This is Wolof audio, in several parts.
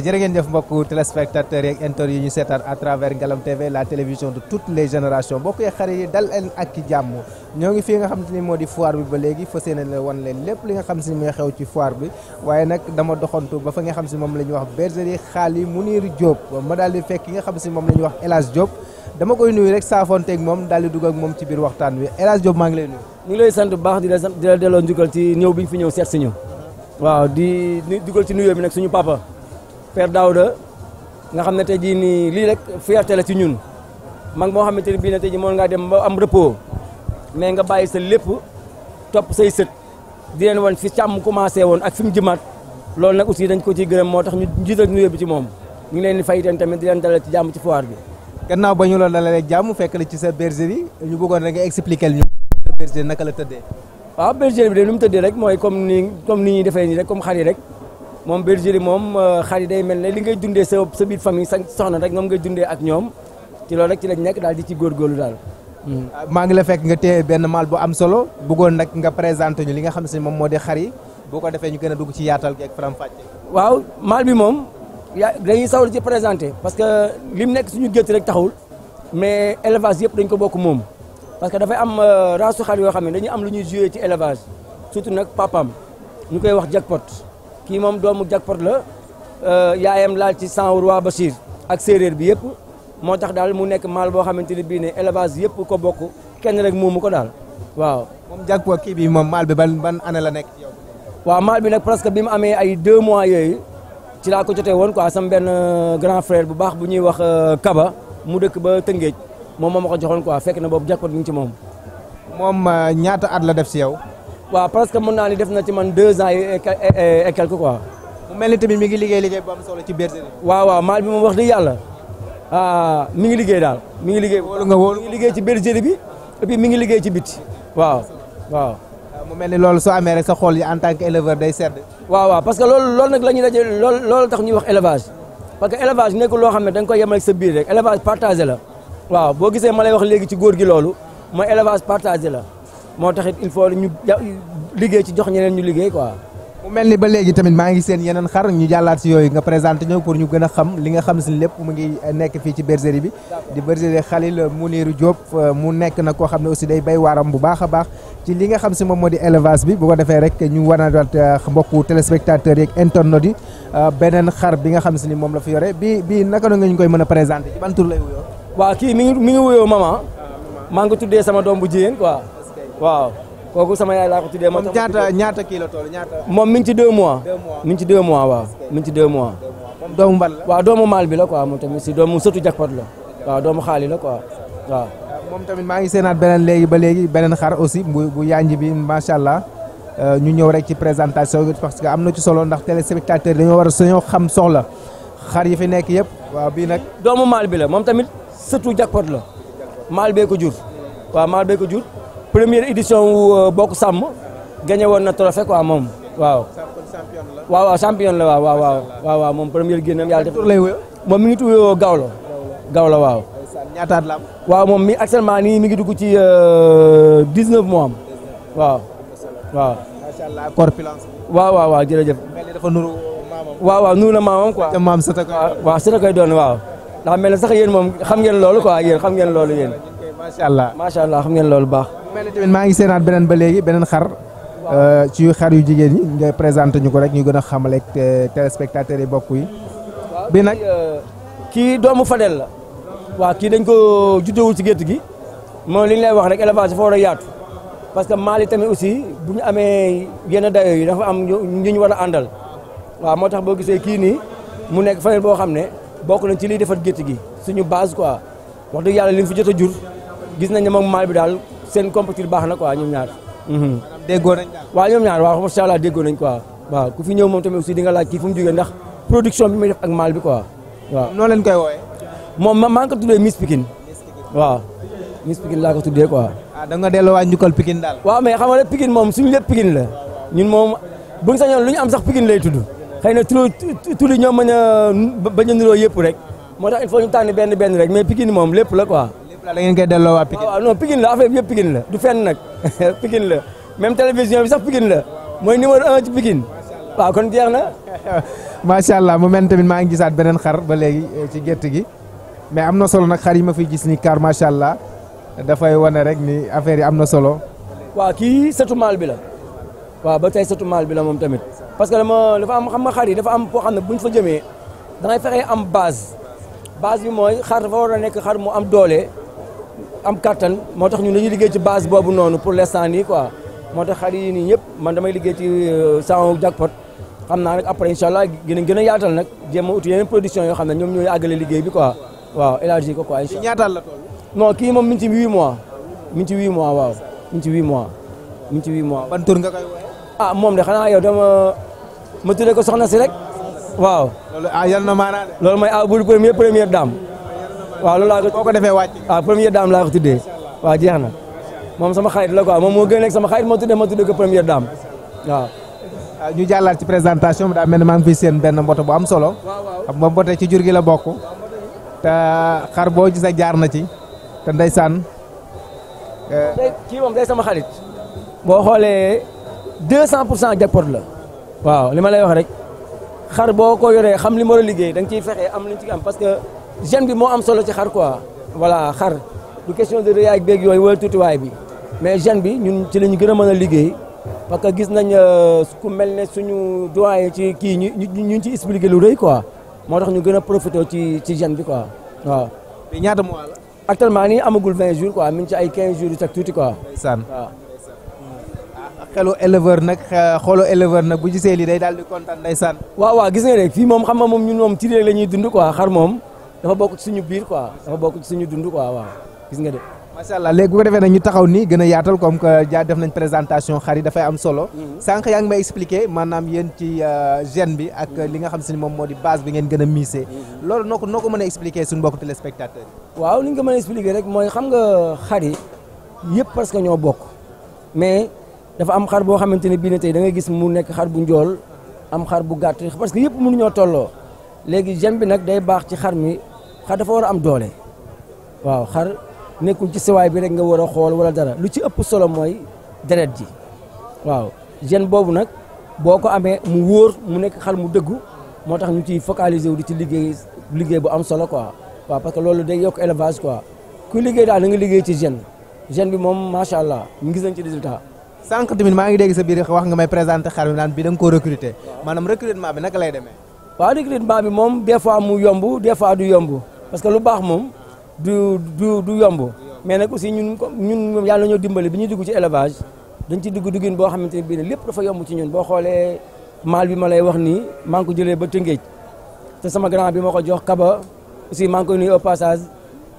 jërë ngeen jëf mbokku téléspectateurs yeeg interne yi seetaan à travers TV la télévision de toutes les générations mbokk yeeg xarit yi dal leen ak ci jàmm ñoo ngi fii nga xam te ni moo di foire bi ba léegi fas yéene la wan leen lépp li nga xam si mooy xew ci foire bi waaye nag dama doxantu ba fa nga xam si moom la ñuy wax bergerie Xaali Mounir Diop ma daal fekk nga xam si moom la ñuy wax El Hadj dama koy nuyu rek saafonteeg moom daal di dugg ak moom ci biir waxtaan wi El maa ngi lay nuyu. ñu ngi lay sant bu baax di la sant di la delloo njukkal bi ñu fi ñu waaw di Père Daouda nga xam ne tey jii nii lii rek fierté la ci ñun mag moo xamante ne bii na tey jii moom ngaa dem ba am repos mais nga bàyyi sa lépp topp say sët di leen wan fi càmm commencé woon ak fi mu jëmaat loolu nag aussi dañ ko ciy gërëm moo tax ñu jiital ñu yóbbu ci moom ñu ngi leen di fay tamit di leen dalal ci jàmm ci foire bi. gannaaw ba ñu la dalalee jàmm fekk la ci sa bergerie ñu bëggoon rek nga expliqué ñu. bergerie naka la tëddee. waaw bergerie lu mu tëddee rek mooy comme ni comme ni ñuy defee nii rek comme xar yi rek. mom bergerie mom euh, xari day melne li ngay dundé sa sa biir famille sa soxna rek ngam ngay dundé ak ñom ci lool rek ci lañ nek dal di ci góorgóorlu dal hmm. ma ngi la fekk nga téye ben mal bu am solo gon nag nga présenter ñu li nga xam si moom moo di xar ko défé ñu gëna dugg ci yaatal gi ak faram fàcce. waaw mal bi mom ya, dañuy sawul ci présenter parce que lim nek suñu gëtt rek taxul mais élevage yépp dañ ko bokk mom parce que fay am euh, rasu xal yo xam dañuy am luñuy jouer ci élevage surtout nak papam ñukay wax jackpot. kii moom doomu jakpot la euh, yaayam laal ci sang roi Bachir ak séeréer bi yëpp moo tax daal mu nekk maal boo xamante ni bii ne élevage yëpp ko bokk kenn rek moomu ko daal waaw. moom jakpot kii bi moom maal bi ban ban année la nekk yow. waaw maal bi nag presque bi mu amee ay deux mois yooyu ci laa ko jotee woon ko sama benn euh, grand frère bu baax bu ñuy wax euh, Kaba mu dëkk ba Tëngéej moom moo ma ko joxoon quoi fekk na boobu jakpot mi ngi ci moom. moom ñaata at la def si yow. waaw parce que mën naa ni def na ci man deux ans et quelque quoi. mu mel ni tamit mi ngi liggéey liggéey bu am solo ci bergerie. waaw waaw maal bi moom wax dëgg yàlla ah, mi ngi liggéey daal mi ngi liggéey. wóolu nga wóolu mi liggéey ci bergerie bi et puis mi ngi liggéey ci bit waaw waaw. Ah, mu mel ni loolu soo amee rek sa xool yi en tant que éleveur day sedd. waaw waaw parce que loolu loolu nag la ñuy daje loolu loolu ñuy wax élevage parce que élevage nekkul loo xam ne da nga koy yemal sa biir rek élevage partagé la waaw boo gisee ma lay wax léegi ci góor gi loolu mooy élevage partagé la. moo taxit il faut ñu liggéey ci jox ñeneen ñu liggéey quoi. mu mel ni ba léegi tamit maa ngi seen yeneen xar ñu jàllaat si yooyu nga présenté ñëw pour ñu gën a xam li nga xam si lépp mu ngi nekk fii ci bergerie bi di bergerie Khalil Mounirou Diop mu nekk na koo xam ne aussi day bay waram bu baax a baax ci li nga xam si moom moo di élevage bi bu ko defee rek ñu wanaat euh, mbokku téléspectateurs yeeg internautes yi euh, beneen xar bi nga xam si ni moom la fi yore bi bii naka la nga ñu koy mën a ci ban tur lay wuyoo waaw kii mi ngi mi ngi wuyoo maman ah, maa ngi sama dom bu jigéen quoi Wow, kooku sama yaay laa ko tuddee moom ñaata ñaata kilo tool ñaata moom mi ngi ci deux mois mi ngi ci deux mois waaw mi ngi ci deux mois doomu mbal waaw doomu maal bi la quoi moom tamit si doomu sëtu jakpat la waaw doomu xaali la quoi waaw euh, moom tamit maa ngi seenaat beneen léegi ba léegi beneen xar aussi bu bu yanj bi macha allah euh, ñu ñëw rek ci présentation bi parce que am na ci solo ndax téléspectateur dañoo war a suñoo xam soxla xar yi fi nekk yëpp waaw bii nag doomu maal bi la moom tamit sëtu jakpat la maal bee ko jur hmm. waaw bee ko jur première édition wu euh, bokk sàmm gagné woon na trophée quoi moom waaw. waaw waaw champion la waaw waaw waaw waaw moom première génnam yàlla def. moom mi ngi euh, nii mi ngi dugg ci 19 euh, mois am. waaw. waaw. macha maamam. waaw waaw nuru na maamam doon waaw sëta koy sax yéen moom xam ngeen loolu quoi yéen xam ngeen loolu yéen. macha allah macha allah xam ngeen loolu baax. mel ni tamit maa ngi seenaat beneen ba léegi beneen xar. Euh, ci xar yu jigéen ñi nga présenté ñu ko rek ñu gën a xamale euh, téléspectateurs yi bokk yi. bi nag euh, kii doomu Fadel la. waaw kii dañ ko juddewul ci gétt gi. moom li ñu lay wax rek élevage dafa war a yaatu. parce que Mali tamit aussi bu ñu amee dayo yi dafa am ñu ñu war a àndal. waaw moo tax boo mu nekk Fadel boo xam ne bokk ci liy defar gétt gi suñu base quoi wax dëgg yàlla li fi jot jur. gis nañ ne moom maal bi daal seen compétition baax na quoi ñoom ñaar. Mhm. déggoo nañ daal waaw ñoom ñaar waaw macha allah déggoo nañ quoi waaw ku fi ñëw moom tamit aussi di nga laaj kii fu mu jógee ndax production bi muy def ak maal bi quoi moom ma maa ngi ko tuddee Miss Pikine. waaw Miss Pikine laa ko tuddee quoi. ah da nga delloo waa njukkal Pikine daal. waaw mais xam nga Pikine moom suñu lépp Pikine la ñun moom buñ sañoon lu ñu am sax Pikine lay tudd xëy na tulu tulu ñoom ma a bañ a niroo yëpp rek moo tax il ñu tànn benn benn rek mais Pikine moom lépp la quoi la ngeen koy delloo waa Pikine. waaw ah, non Pikine la affaire bi yëpp Pikine la du fenn nag Pikine la même télévision bi sax Pikine la mooy numéro un ci Pikine waaw kon jeex na. macha allah mu mel tamit maa ngi gisaat beneen xar ba léegi eh, ci gétt gi mais am na solo nag xar yi ma fiy gis ni car macha allah dafay wane rek ni affaire yi am na solo. waaw kii sëtu bi la waaw ba tey sëtu maal bi la moom tamit parce que dama dafa am xam xar yi dafa am koo xam ne buñ fa jëmee da ngay am base base bi mooy xar dafa war a nekk xar mu am doole am kattan moo tax ñun dañuy liggéey ci base boobu noonu pour l'instant nii quoi moo tax xar ni nii ñëpp man damay liggéey ci euh, sama jackpot xam naa nag après incha allah gën gën a yaatal nag jéem a uti production yoo xam ne ñoom ñooy àggale liggéey bi quoi waaw élargi ko quoi incha allah ñaataal la toll non kii moom mi ngi ci huit mois mi ngi ci mois waaw mi ngi ci huit mois mi ngi ci nga koy ah, moom de xanaa yow dama ma tuddee ko soxna si rek waaw loolu ah yal maanaa loolu mooy ah bul premier première dame waaw loolu laa ko. ko defee waa waaw première laa ko tuddee waaw jeex na moom sama xarit la ko moom moo gën nekk sama xarit moo tuddee ma tuddee ko première dame waaw. Ah, ñu jàllaat ci présentation bi daa mel ne maa ngi fi seen benn mbote bu am solo xam nga mbote ci jur gi la bokk te xar boo gis a jaar na ci te ndeysaan. Eh, kii moom day sama xarit boo xoolee 200 pour cent jackpot la waaw li ma lay wax rek xar boo ko yoree xam li mu war a liggéey da nga ciy fexe am lu ci am parce que. gene bi moo am solo ci xar quoi voilà xar du question de rëyaay beeg yooyu wala tuutiwaay bi mais gene bi ñun ci la ñu gën a mën a liggéey parce que gis nañ euh, ku mel ne suñu doyen ci kii ñu ñu ñu ci expliqué lu rëy quoi moo tax ñu gën a profité ci ci gene bi quoi waaw. ñaata mois la. actuellement nii amagul 20 jours quoi mi ci ay 15 jours tuuti quoi. ndeysaan waaw. Ah, éleveur nag xooloo éleveur nag bu gisee lii daal di kontaan ndeysaan. waaw waaw gis nga rek fii moom xam nga moom ñun moom ci réew la ñuy dund quoi xar moom. dafa bokk ci suñu biir quoi dafa bokk ci suñu dund quoi waaw gis nga de. macha allah léegi bu ko defee nag taxaw nii gën yaatal comme que def nañ présentation am solo. Mhm. sànq yaa ngi may expliquer maanaam yéen ci euh, gène bi ak mhm. li nga xam di base bi ngeen gën a miisee. noko mhm. noo ko noo ko mën a expliquer suñu mbokku téléspectateur waaw li ñu ko expliquer rek mooy xam nga xar yi parce que ñoo bokk mais dafa am xar boo xamante ne bii ne da nga gis mu nekk xar bu am xar bu gàtt parce que yëpp nyotolo, legi léegi nak bi nag day baax ci xar mi xar dafa war a am doole waaw xar nekkul ci sewaay bi rek nga war a xool wala dara lu ci ëpp solo mooy deret ji waaw gene boobu nag boo ko amee mu wóor mu nekk xar mu dëggu moo tax ñu ciy focaliser wu di ci liggéey liggéey bu am solo quoi waaw parce que loolu day yokk élevage quoi ku liggéey daal na liggéey ci gene gene bi moom macha allah ngi gis nañ ci résultat. sànq tamit maa ngi dégg sa biir wax nga may présenter xar mi naan bi da nga koo recruter maanaam recrutement bi naka lay demee. waaw recrutement bi moom des fois mu yomb des fois du yomb. parce que lu baax moom du du du yomb mais nag aussi ñun ñun yàlla ñoo dimbali bi ñuy dugg ci élevage dañ ci dugg duggin boo xamante ne bii ne lépp dafa yomb ci ñun boo xoolee maal bi ma lay wax nii maa ngi ko jëlee ba Tëngéej te sama grand bi ma ko jox Kaba aussi maa ngi passage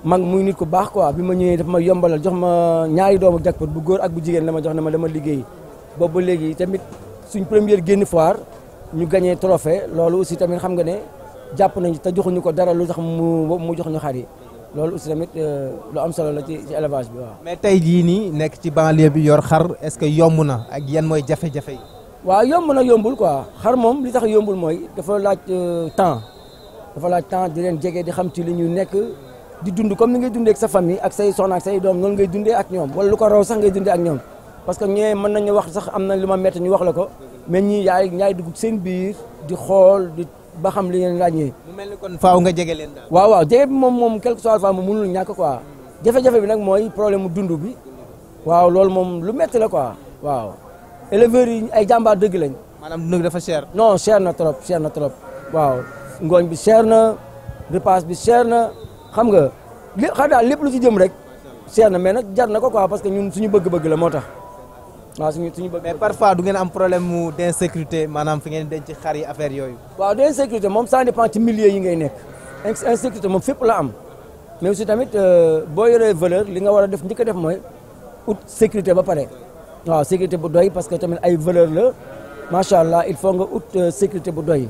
mag muy nit ku baax quoi bi ma ñëwee dafa ma yombalal jox ma ñaari doomu jackpot bu góor ak bu jigéen la ma jox na ma dama liggéey boobu ba léegi tamit suñ première génn foire ñu gagné trophée loolu aussi tamit xam nga ne. jàpp nañu te joxuñu ko dara lu tax mu mu jox ñu xar yi loolu aussi tamit euh, lu am solo la ci ci bi waaw. mais tey jii nii nekk ci banlieue bi yor xar est-ce que yomb na ak yan mooy jafe-jafe yi. waaw yomb na yombul quoi xar moom li tax yombul mooy dafa laaj euh, temps dafa laaj temps di leen jege di xam ci li ñuy nekk di dund comme ni ngay dundee ak sa famille ak say soxna ak say doom noonu ngay dundee ak ñoom wala lu ko raw sax ngay dundee ak ñoom. parce que ñee mën nañu wax sax am na lu ma métti ñu wax la ko mais ñii yaay ñaay dugg seen biir di xool ba xam li ngeen ràññee. mu mel ni kon faaw nga jege leen daal. waaw waaw jege bi moom moom quelque soit faaw mu mënul ñàkk quoi jafe-jafe bi nag mooy problème mu dund bi waaw loolu moom lu metti la quoi waaw éleveurs yi ay jàmbaar dëgg lañ. maanaam dund dafa cher. non cher na trop cher na trop waaw ngooñ bi cher na repas bi cher na xam nga li xam daal lépp lu ci jëm rek cher na mais nag jar na ko quoi parce que ñun suñu bëgg-bëgg la moo tax. waaw suñu suñu mais parfois du ngeen am problème mu d' insécurité maanaam fi ngeen denc xar yi affaire yooyu. waaw d' insécurité moom ça dépend ci milieu yi ngay nekk. insécurité moom fépp la am mais aussi tamit euh, boo yoree valeur li nga war a def njëkk a def mooy ut sécurité ba pare. waaw sécurité bu doy parce que tamit ay valeur la macha allah il faut nga ut euh, sécurité bu doy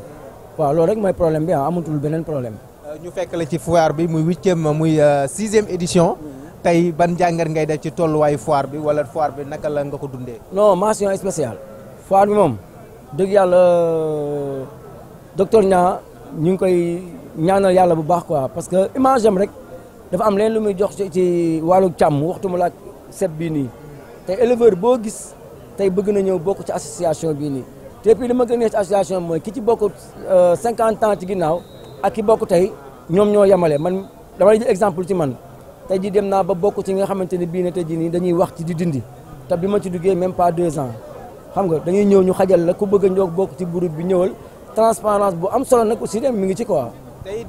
waaw loolu rek mooy problème bi ah amatul beneen problème. Euh, ñu fekk la ci foire bi muy huitième muy 6e édition. tey ban jàngat ngay def ci tolluwaayu foire bi wala foire bi naka la nga ko dundee. non mention spéciale. foire bi moom dëgg yàlla docteur Niang ñu ngi koy ñaanal yàlla bu baax quoi parce que image am rek dafa am leen lu muy jox ci wàllu càmm waxtu mu laaj set bii nii te éleveur boo gis tey bëgg na ñëw bokk ci association bii nii te puis li ma gën a ci association mooy ki ci bokk 50 euh, ans ci ginnaaw ak ki bokk tey ñoom ñoo yemale man dama lay jël exemple ci man. tey ji dem naa ba bokk ci nga xamante ne bii ne tey ji nii dañuy wax di dindi te bi ma ci duggee même pas deux ans xam nga dañuy ñëw ñu xajal la ku bëgg a ñëw bokk ci groupe bi ñëwal transparence bu am solo nag aussi dem mi ngi ci quoi.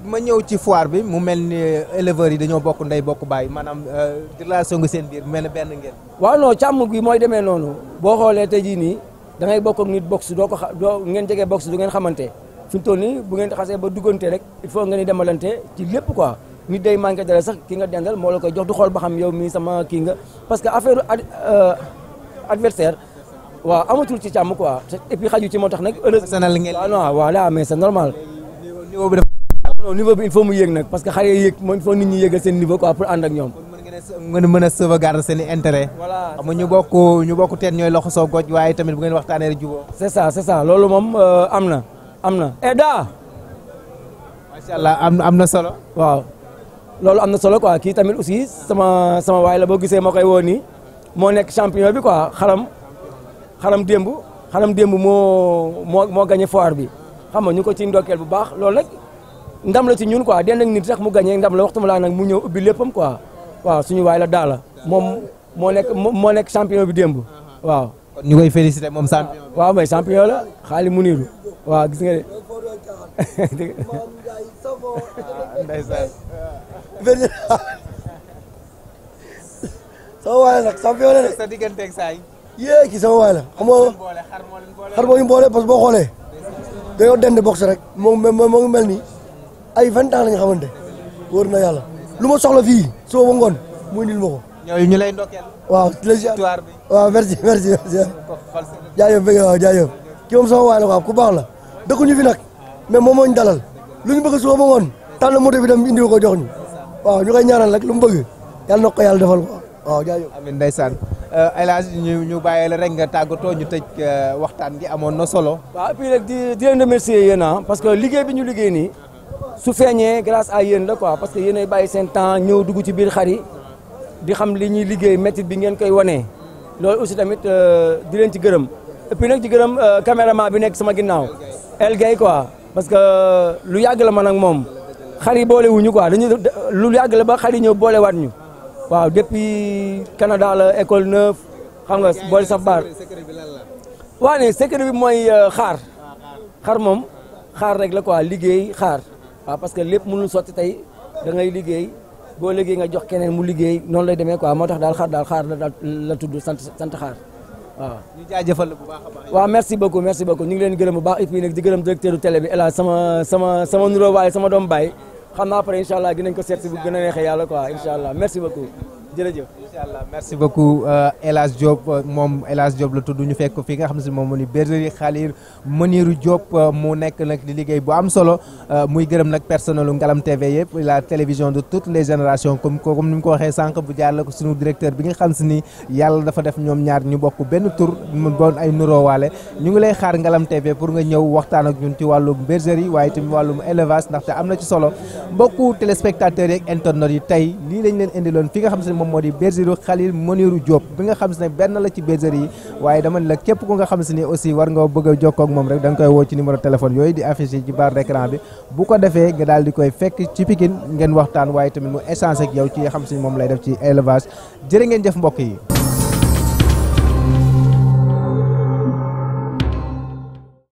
ma ñëw ci foire bi mu mel ni euh, éleveurs yi dañoo bokk ndey bokk baay maanaam euh, relation ngi seen biir mel na benn ngeen. waaw non càmm mooy demee noonu boo xoolee tey jii nii da bokk ak nit box doo ko doo ngeen jege box du ngeen xamante fi mu toll nii bu ngeen xasee ba duggante rek il faut nga di demalante ci lépp quoi. nit day manqué dara sax ki nga dendal mo la koy jox du xol ba xam yow mi sama ki nga parce que affaire euh adversaire wa amatul ci cham quoi et puis xaju ci motax nak nag. personnel ngeen waaw ah, non la mais c'est normal. niveau bi dafa. non niveau bi il faut mu yegg nak parce que xale yegg mo mooy il faut nit ñi yegg sen niveau quoi pour and ak ñom ngeen mën a sauvegarder sen intérêt. voilà xam nga ñu bokku ñu bokku tet ñoy loxo so goj waye tamit bu ngeen waxtane rek jubóo. c'est ça c'est ça lolu mom euh, amna amna eda Masya allah amna na solo waaw lolu amna solo quoi ki tamit aussi sama sama way la bo gisee moo koy woo nii moo champion bi quoi xalam xalam dembu xalam dembu mo mo moo gagné foire bi xam nga ñu ko ci ndokel bu baax lolu rek ndam la ci ñun quoi den ak nit sax mu gagner ndam la waxtuma la nak mu ñew ubi leppam quoi waaw suñu way la daala mom mo nek mo nek champion bi dembu waaw. ñu koy féliciter mom champion. waaw may champion la xali mu waaw gis nga de. sama waay nag champion la de. sa digganteeg saa yi. yee kii sama waay la xam nga. xar moo leen boole xar moo leen boole parce rek moo moo ngi mel ay vingt ans la ñu xamante wóor na yàlla lu ma soxla fii suba ba ngoon muy nil ma ko. ñu lay ndokkeel. waaw la victoire bi waaw merci merci merci. sama ku la fi mais dalal lu bëgg suba ba ngoon tànn dem indi ko jox ñu waaw ñu koy ñaanal rek lu mu bëgg yàlla na ko yàlla defal ko waaw jaajëf amiin ndeysaan ay euh, Hadj ñu ñu bàyyi la rek nga tàggatoo ñu tëj euh, waxtaan gi amoon na solo. waaw et puis rek di di leen remercier yéen ah parce que liggéey bi ñu liggéey nii su feeñee grâce à yéen la quoi parce que yéenay bàyyi seen temps ñëw dugg ci biir xar yi di xam li ñuy liggéey métit bi ngeen koy wanee loolu aussi tamit euh, di leen ci gërëm et puis nag ci gërëm caméraman bi nekk sama ginnaaw El Gaye quoi parce que lu yàgg la man ak moom. xar yi boole wuñu quoi dañu lu yàgg la ba xar yi ñëw boolewaat ñu waaw depuis Canada la école neuf xam nga boole saf baar waaw ne secret bi mooy euh, xaar xar moom xaar rek la quoi liggéey xaar waaw parce que lépp mënul sotti tey da ngay liggéey boo liggéey nga jox keneen mu liggéey noonu lay demee quoi moo tax daal xaar daal xaar la daal la tudd sant sant xaar waaw. ñu jaajëfal la bu baax a baax. waaw merci beaucoup merci beaucoup ñu ngi leen gërëm bu baax et puis di gërëm directeur du bi El Hadj sama sama sama nuroo waaye sa doom baay. xam naa après incha allah dinañ ko seet si bu gën a neexee yàlla quoi incha allah merci beaucoup. jërëjëf incha allah merci beaucoup euh, El Hadj Diop euh, moom Elas Diop la tudd ñu fekk fi nga xam ne si moom moo ni bergerie Khalir Moniru Diop euh, mu nekk nag di liggéey bu am solo muy gërëm nag personnelu Ngalam TV yëpp la télévision de toutes les générations comme comme ni mu ko waxee sànq bu jaarale ko suñu directeur bi nga xam si ni yàlla dafa def ñoom ñaar ñu bokk benn tur mu doon ay nuroowaale ñu ngi lay xaar Ngalam TV pour nga ñëw waxtaan ak ñun ci wàllum bergerie waaye tamit wàllum élevage ndaxte am na ci solo mbokku téléspectateurs yeeg internautes yi tey lii lañ leen indiloon fi nga xam moom moo di bergerie Khalil Moniru Diop bi nga xam si ne benn la ci bergerie yi waaye dama ne la képp ku nga xam si ni aussi war nga bëgg a moom rek da koy woo ci numéro téléphone yooyu di affiché ci barre d'écran bi bu ko defee nga daal di koy fekk ci Pikine ngeen waxtaan waaye tamit mu échange ak yow ci xam si moom lay def ci élevage jërë ngeen jëf mbokk yi